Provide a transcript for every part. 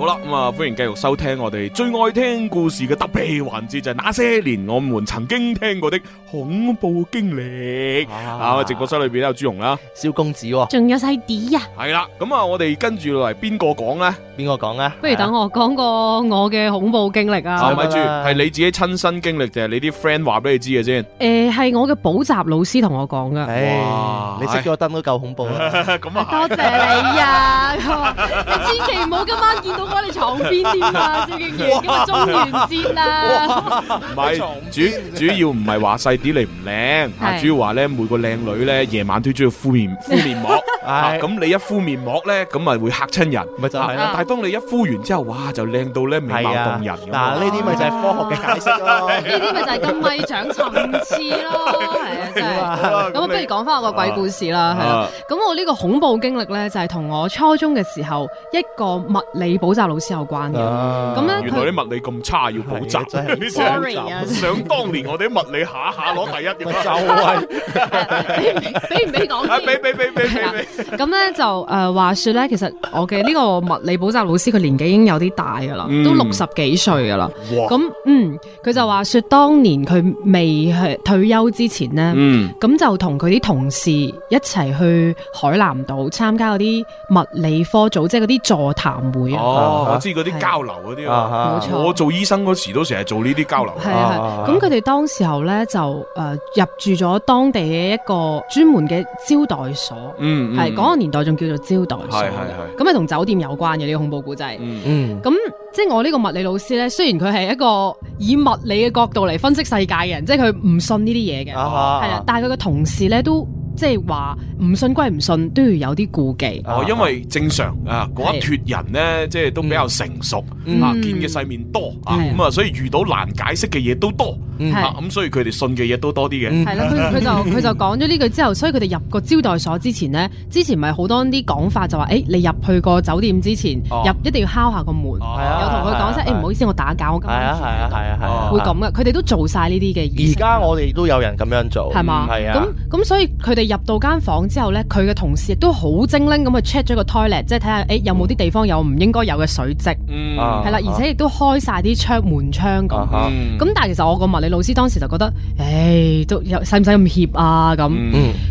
好啦，咁啊，歡迎繼續收聽我哋最愛聽故事嘅特別環節，就係那些年我們曾經聽過的恐怖經歷。啊，直播室裏邊有朱紅啦，蕭公子，仲有細啲啊。係啦，咁啊，我哋跟住落嚟邊個講咧？邊個講咧？不如等我講個我嘅恐怖經歷啊！咪住，係你自己親身經歷就係你啲 friend 話俾你知嘅先？誒，係我嘅補習老師同我講噶。哇，你熄咗燈都夠恐怖啦！咁啊，多謝你啊！你千祈唔好今晚見到，你哋床邊添啊，蕭敬堯咁啊，中元節啊！唔係主主要唔係話細啲你唔靚，主要話咧每個靚女咧夜晚都中意敷面敷面膜，咁你一敷面膜咧，咁啊會嚇親人，咪就係啦。但係當你一敷完之後，哇就靚到咧美貌動人，嗱呢啲咪就係科學嘅解釋咯，呢啲咪就係咁咪長層次咯，係啊真係。咁啊不如講翻我個鬼故事啦，係啦。咁我呢個恐怖經歷咧就係同我初中嘅時候一個物理補習教老師有關嘅，咁樣？原來啲物理咁差要補習？呢啲想當年我哋啲物理下下攞第一嘅，就係俾唔俾講先？俾俾俾俾俾。咁咧就誒，話說咧，其實我嘅呢個物理補習老師佢年紀已經有啲大噶啦，都六十幾歲噶啦。咁嗯，佢就話說當年佢未去退休之前呢，咁就同佢啲同事一齊去海南島參加嗰啲物理科組，即係嗰啲座談會我知嗰啲交流嗰啲啊，冇錯、 uh, uh, 我做醫生嗰時都成日做呢啲交流。係啊係，咁佢哋當時候咧就誒入住咗當地嘅一個專門嘅招待所。嗯，係嗰、 嗰個年代仲叫做招待所。係係係，咁係同酒店有關嘅呢、呢個恐怖古仔。嗯嗯，咁即係我呢個物理老師咧，雖然佢係一個以物理嘅角度嚟分析世界嘅人，即係佢唔信呢啲嘢嘅。啊係啊，但係佢嘅同事咧都。即係話唔信歸唔信，都要有啲顧忌。哦，因為正常啊，嗰一脫人咧，即係都比較成熟，啊見嘅世面多啊，咁啊，所以遇到難解釋嘅嘢都多，咁，所以佢哋信嘅嘢都多啲嘅。係啦，佢就佢就講咗呢句之後，所以佢哋入個招待所之前咧，之前咪好多啲講法，就話誒，你入去個酒店之前，入一定要敲下個門，有同佢講聲唔好意思，我打攪，我今日係啊係啊係啊會咁嘅，佢哋都做晒呢啲嘅嘢。而家我哋都有人咁樣做，係嘛？係啊，咁咁所以佢哋。入到間房之後咧，佢嘅同事亦都好精靈咁去 check 咗個 toilet，即係睇下誒有冇啲地方有唔應該有嘅水漬，係啦，而且亦都開晒啲窗門窗咁。咁但係其實我個物理老師當時就覺得，誒都使唔使咁怯啊咁？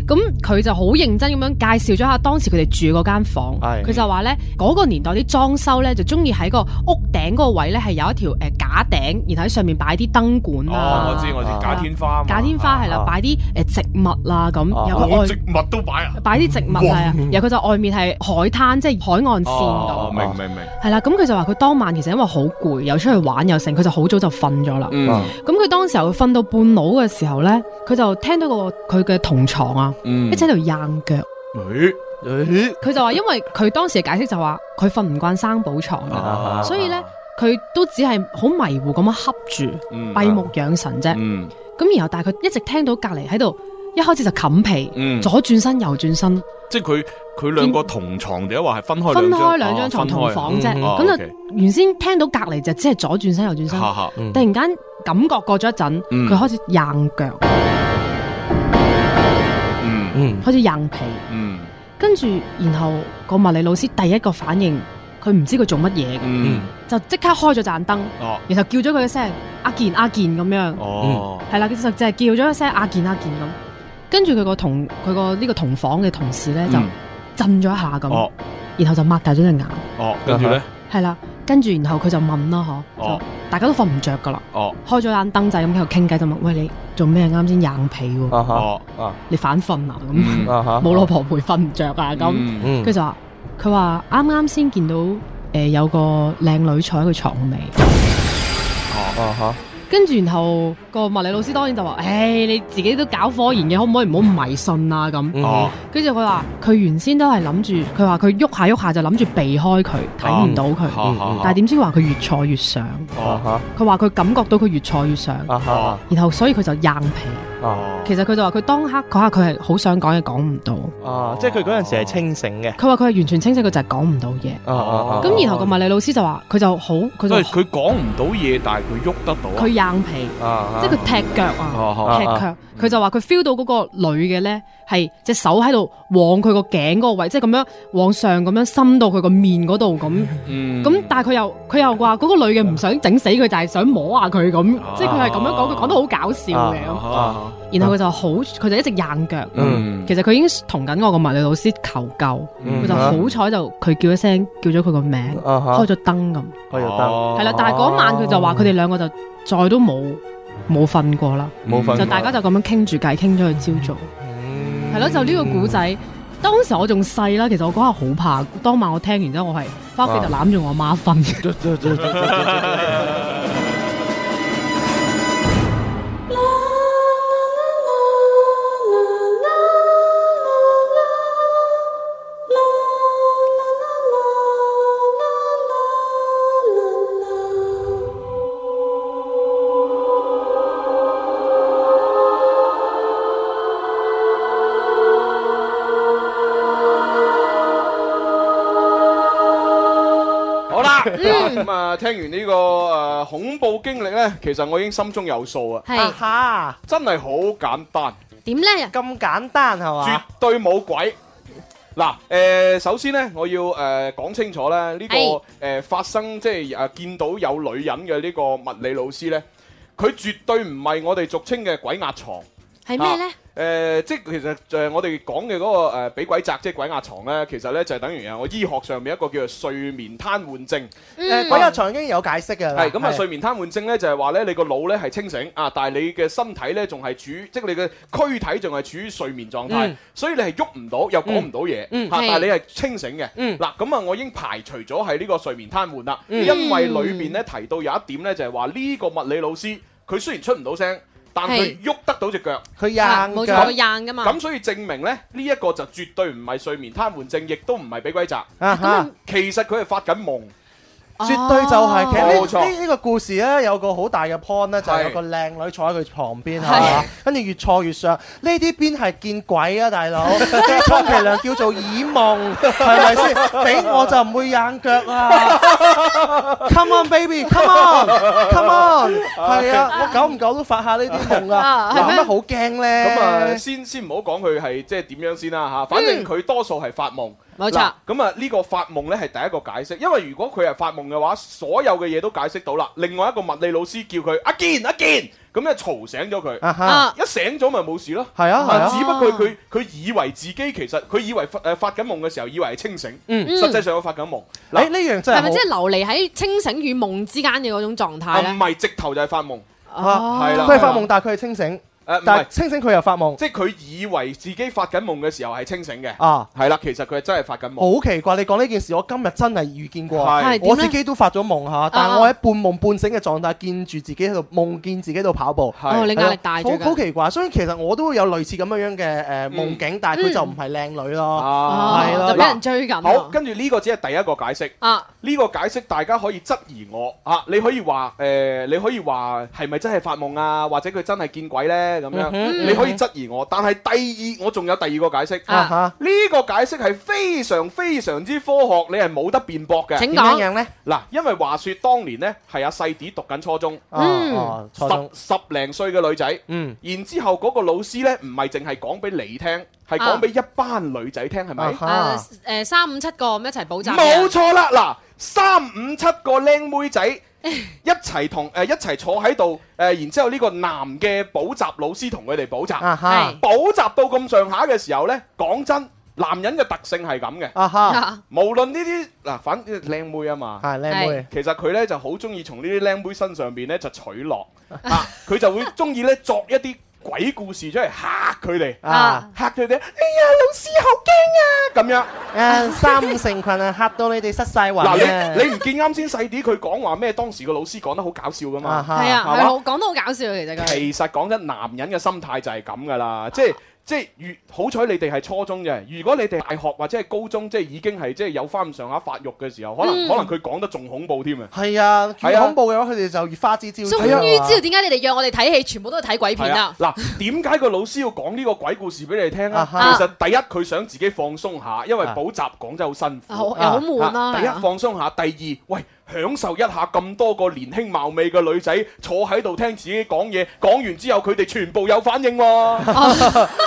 咁佢就好認真咁樣介紹咗下當時佢哋住嗰間房，佢就話咧，嗰個年代啲裝修咧就中意喺個屋頂嗰個位咧係有一條誒假頂，然後喺上面擺啲燈管啦。我知我知，假天花。假天花係啦，擺啲誒植物啦咁。植物都擺啊！擺啲植物啊，然後佢就外面係海灘，哇即係海岸線度啊。明明、嗯、明係啦，咁佢就話佢當晚其實因為好攰，又出去玩又成，佢就好早就瞓咗啦。咁佢當時候瞓到半腦嘅時候咧，佢就聽到個佢嘅同床啊，一直喺度硬腳。佢就話因為佢當時嘅解釋就話佢瞓唔慣生保床啦，所以咧佢都只係好迷糊咁樣恰住閉目養神啫。咁然後但係佢一直聽到隔籬喺度。一開始就冚皮，左轉身右轉身，即係佢佢兩個同床第一話係分開？分開兩張床同房啫。咁就原先聽到隔籬就只係左轉身右轉身，突然間感覺過咗一陣，佢開始硬腳，嗯嗯，開始硬皮，嗯，跟住然後個物理老師第一個反應，佢唔知佢做乜嘢，就即刻開咗盞燈，然後叫咗佢一聲阿健阿健咁樣，哦，係啦，佢就就係叫咗一聲阿健阿健咁。跟住佢個同佢個呢個同房嘅同事咧就震咗一下咁，然後就擘大咗隻眼。哦，跟住咧係啦，跟住然後佢就問啦嗬，就大家都瞓唔着噶啦，開咗盞燈仔咁喺度傾偈就問，喂，你做咩啱先硬被哦，你反瞓啊？咁冇老婆陪瞓唔着啊？咁，跟住就話佢話啱啱先見到誒有個靚女坐喺佢床尾。哦，跟住然後個物理老師當然就話：誒、hey，你自己都搞科研嘅，可唔可以唔好迷信啊？咁，跟住佢話佢原先都係諗住，佢話佢喐下喐下就諗住避開佢，睇唔、uh huh. 到佢。Uh huh. 但係點知話佢越坐越想，佢話佢感覺到佢越坐越想，uh huh. 然後所以佢就硬皮。哦，其實佢就話佢當刻嗰下佢係好想講嘢講唔到，哦，即係佢嗰陣時係清醒嘅。佢話佢係完全清醒，佢就係講唔到嘢。咁然後個物理老師就話佢就好，佢就佢講唔到嘢，但係佢喐得到。佢硬皮，即係佢踢腳啊，踢腳。佢就話佢 feel 到嗰個女嘅咧係隻手喺度往佢個頸嗰個位，即係咁樣往上咁樣伸到佢個面嗰度咁。咁但係佢又佢又話嗰個女嘅唔想整死佢，就係想摸下佢咁。即係佢係咁樣講，佢講得好搞笑嘅。然後佢就好，佢就一直硬腳。其實佢已經同緊我個物理老師求救。佢就好彩就佢叫一聲，叫咗佢個名，開咗燈咁。開咗燈。係啦，但係嗰晚佢就話佢哋兩個就再都冇冇瞓過啦。冇瞓。就大家就咁樣傾住偈，傾咗去朝早。係咯，就呢個古仔。當時我仲細啦，其實我嗰下好怕。當晚我聽完之後，我係翻屋企就攬住我媽瞓。咁啊，聽完呢個誒恐怖經歷咧，其實我已經心中有數啊，係吓，真係好簡單。點咧？咁簡單係嘛？絕對冇鬼。嗱，誒，首先咧，我要誒講清楚咧，呢個誒發生即係誒見到有女人嘅呢個物理老師咧，佢絕對唔係我哋俗稱嘅鬼壓床。係咩咧？誒、啊呃，即係其實誒、呃，我哋講嘅嗰個誒，俾、呃、鬼責即係鬼壓床咧，其實咧就係等於我醫學上面一個叫做睡眠癱瘓症。誒、嗯呃，鬼壓床已經有解釋嘅。係咁啊，是睡眠癱瘓症咧就係話咧，你個腦咧係清醒啊，但係你嘅身體咧仲係處於，即係你嘅軀體仲係處於睡眠狀態，嗯、所以你係喐唔到，又講唔到嘢嚇，但係你係清醒嘅。嗱、嗯，咁啊、嗯，我已經排除咗係呢個睡眠癱瘓啦，因為裏邊咧提到有一點咧，就係話呢個物理老師佢雖然出唔到聲。但佢喐得到隻腳，佢硬噶，冇錯、咁、啊啊、所以證明咧，呢、這、一個就絕對唔係睡眠癱瘓症，亦都唔係俾鬼責。啊啊、其實佢係發緊夢。絕對就係，其實呢呢個故事咧，有個好大嘅 point 咧，就係有個靚女坐喺佢旁邊嚇，跟住越坐越上。呢啲邊係見鬼啊，大佬！呢充其量叫做耳夢，係咪先？俾我就唔會硬腳啊！Come on baby，come on，come on，係啊！我久唔久都發下呢啲夢啊，係咪好驚咧？咁啊，先先唔好講佢係即係點樣先啦嚇，反正佢多數係發夢。冇錯，咁啊，呢個發夢呢係第一個解釋，因為如果佢係發夢嘅話，所有嘅嘢都解釋到啦。另外一個物理老師叫佢阿健阿健，咁啊嘈醒咗佢，一醒咗咪冇事咯。係啊，只不過佢佢以為自己其實佢以為誒發緊夢嘅時候，以為係清醒，實際上佢發緊夢。誒呢樣真係係咪即係流離喺清醒與夢之間嘅嗰種狀態？唔係直頭就係發夢，係啦，佢發夢但係佢係清醒。誒，但係清醒佢又發夢，即係佢以為自己發緊夢嘅時候係清醒嘅。啊，係啦，其實佢係真係發緊夢。好奇怪，你講呢件事，我今日真係遇見過，我自己都發咗夢吓，但係我喺半夢半醒嘅狀態，見住自己喺度夢見自己喺度跑步。你壓力大咗。好奇怪，所以其實我都會有類似咁樣樣嘅誒夢境，但係佢就唔係靚女咯，係就俾人追緊。好，跟住呢個只係第一個解釋。啊，呢個解釋大家可以質疑我吓，你可以話誒，你可以話係咪真係發夢啊，或者佢真係見鬼呢？咁樣、mm hmm, 你可以質疑我，但係第二我仲有第二個解釋。呢、uh huh. 個解釋係非常非常之科學，你係冇得辯駁嘅。請講說。點樣呢？嗱，因為話説當年呢，係阿細子讀緊初中，uh、huh, 十中十零歲嘅女仔。嗯、uh。Huh. 然之後嗰個老師呢，唔係淨係講俾你聽，係講俾一班女仔聽，係咪？誒、uh huh. uh, 三五七個一齊補習。冇錯啦！嗱，三五七個靚妹仔。 一齊同誒、呃、一齊坐喺度誒，然之後呢個男嘅補習老師同佢哋補習，係、uh huh. 補習到咁上下嘅時候呢，講真，男人嘅特性係咁嘅，uh huh. 無論呢啲嗱，反靚妹啊嘛，係靚妹，其實佢呢就好中意從呢啲靚妹身上邊呢就取樂，啊，佢就會中意呢作一啲。鬼故事出嚟嚇佢哋，啊、嚇佢哋，哎呀老師好驚啊！咁樣，誒、啊、三成群啊，嚇到你哋失曬魂、啊。你你唔見啱先細啲佢講話咩？當時個老師講得好搞笑噶嘛，係啊，係嘛講得好搞笑其實，其實。其實講真，男人嘅心態就係咁噶啦，即係、啊。即係越好彩你哋係初中嘅，如果你哋大學或者係高中，即係已經係即係有翻咁上下發育嘅時候，可能、嗯、可能佢講得仲恐怖添啊！係啊，越恐怖嘅話，佢哋就越花枝招展。終於知道點解你哋讓我哋睇戲，全部都係睇鬼片、啊、 啦！嗱，點解個老師要講呢個鬼故事俾你哋聽咧？啊、其實第一佢想自己放鬆下，因為補習講真好辛苦，好、啊啊、悶、啊、啦。第一、啊、放鬆一下，第二喂。享受一下咁多個年輕貌美嘅女仔坐喺度聽自己講嘢，講完之後佢哋全部有反應喎。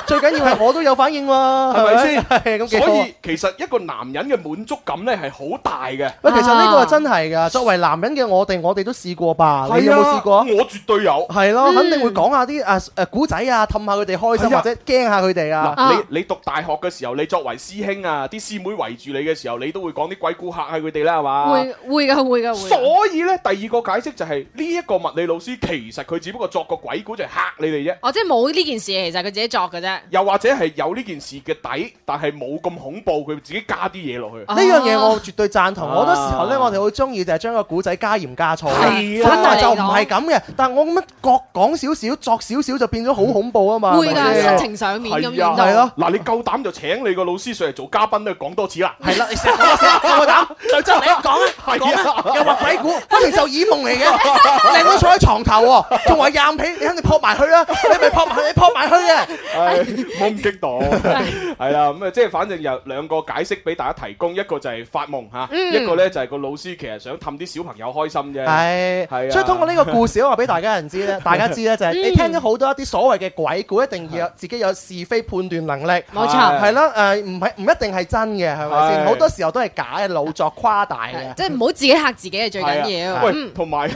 最緊要係我都有反應喎，係咪先？所以其實一個男人嘅滿足感呢係好大嘅。喂，其實呢個真係㗎。作為男人嘅我哋，我哋都試過吧？你有冇試過啊？我絕對有。係咯，肯定會講下啲誒誒古仔啊，氹下佢哋開心或者驚下佢哋啊。嗱，你你讀大學嘅時候，你作為師兄啊，啲師妹圍住你嘅時候，你都會講啲鬼故嚇下佢哋啦，係嘛？會會㗎。所以咧，第二個解釋就係呢一個物理老師，其實佢只不過作個鬼故就係嚇你哋啫。哦，即係冇呢件事，其實佢自己作嘅啫。又或者係有呢件事嘅底，但係冇咁恐怖，佢自己加啲嘢落去。呢樣嘢我絕對贊同。好多時候咧，我哋好中意就係將個古仔加鹽加醋。係啊，本來就唔係咁嘅。但係我咁樣各講少少，作少少就變咗好恐怖啊嘛。會㗎，心情上面咁樣。係咯，嗱，你夠膽就請你個老師上嚟做嘉賓都，講多次啦。係啦，你成個老師夠膽就真係講啊。又話鬼故，不如就耳夢嚟嘅。你我坐喺床頭喎，仲話癩皮，你肯定撲埋去啦！你咪撲埋去，你撲埋去嘅。係，我唔激動。係啦，咁啊，即係反正有兩個解釋俾大家提供，一個就係發夢嚇，一個咧就係個老師其實想氹啲小朋友開心啫。係，係。所以通過呢個故事我話俾大家人知咧，大家知咧就係你聽咗好多一啲所謂嘅鬼故，一定要自己有是非判斷能力。冇錯，係啦，誒，唔係唔一定係真嘅，係咪先？好多時候都係假嘅，老作誇大嘅。即係唔好自己。吓自己係最緊要。喂，同埋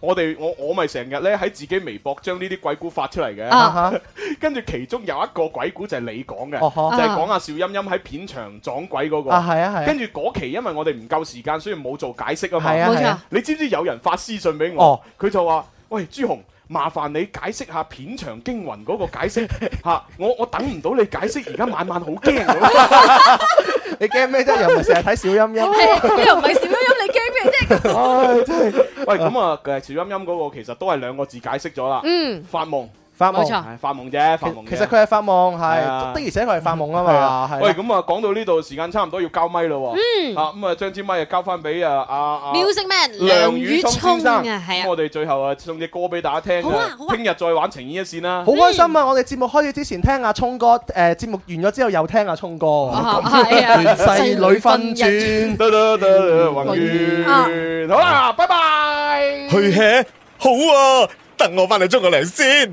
我哋我我咪成日咧喺自己微博將呢啲鬼故發出嚟嘅。跟住其中有一個鬼故就係你講嘅，就係講阿邵音音喺片場撞鬼嗰個。跟住嗰期因為我哋唔夠時間，所以冇做解釋啊嘛。係啊。你知唔知有人發私信俾我？佢就話：喂，朱紅，麻煩你解釋下片場驚魂嗰個解釋。吓，我我等唔到你解釋，而家晚晚好驚。你驚咩啫？又唔係成日睇邵音音。又唔係唉、 哎，喂，咁、嗯、啊，徐音音嗰個其實都係兩個字解釋咗啦，發夢、嗯。嗯嗯。發夢，發夢啫，發夢。其實佢係發夢，係的，而且佢係發夢啊嘛。喂，咁啊，講到呢度，時間差唔多要交咪咯。嗯。啊，咁啊，將支咪又交翻俾啊啊啊，Music Man 梁宇聰先生係啊。我哋最後啊，送隻歌俾大家聽。好啊好啊。聽日再玩情意一線啦。好開心啊！我哋節目開始之前聽阿聰哥，誒，節目完咗之後又聽阿聰哥。咁啊係啊。細女分鑽得得得，宏源。好啊，拜拜。去嘿，好啊，等我翻嚟沖個涼先。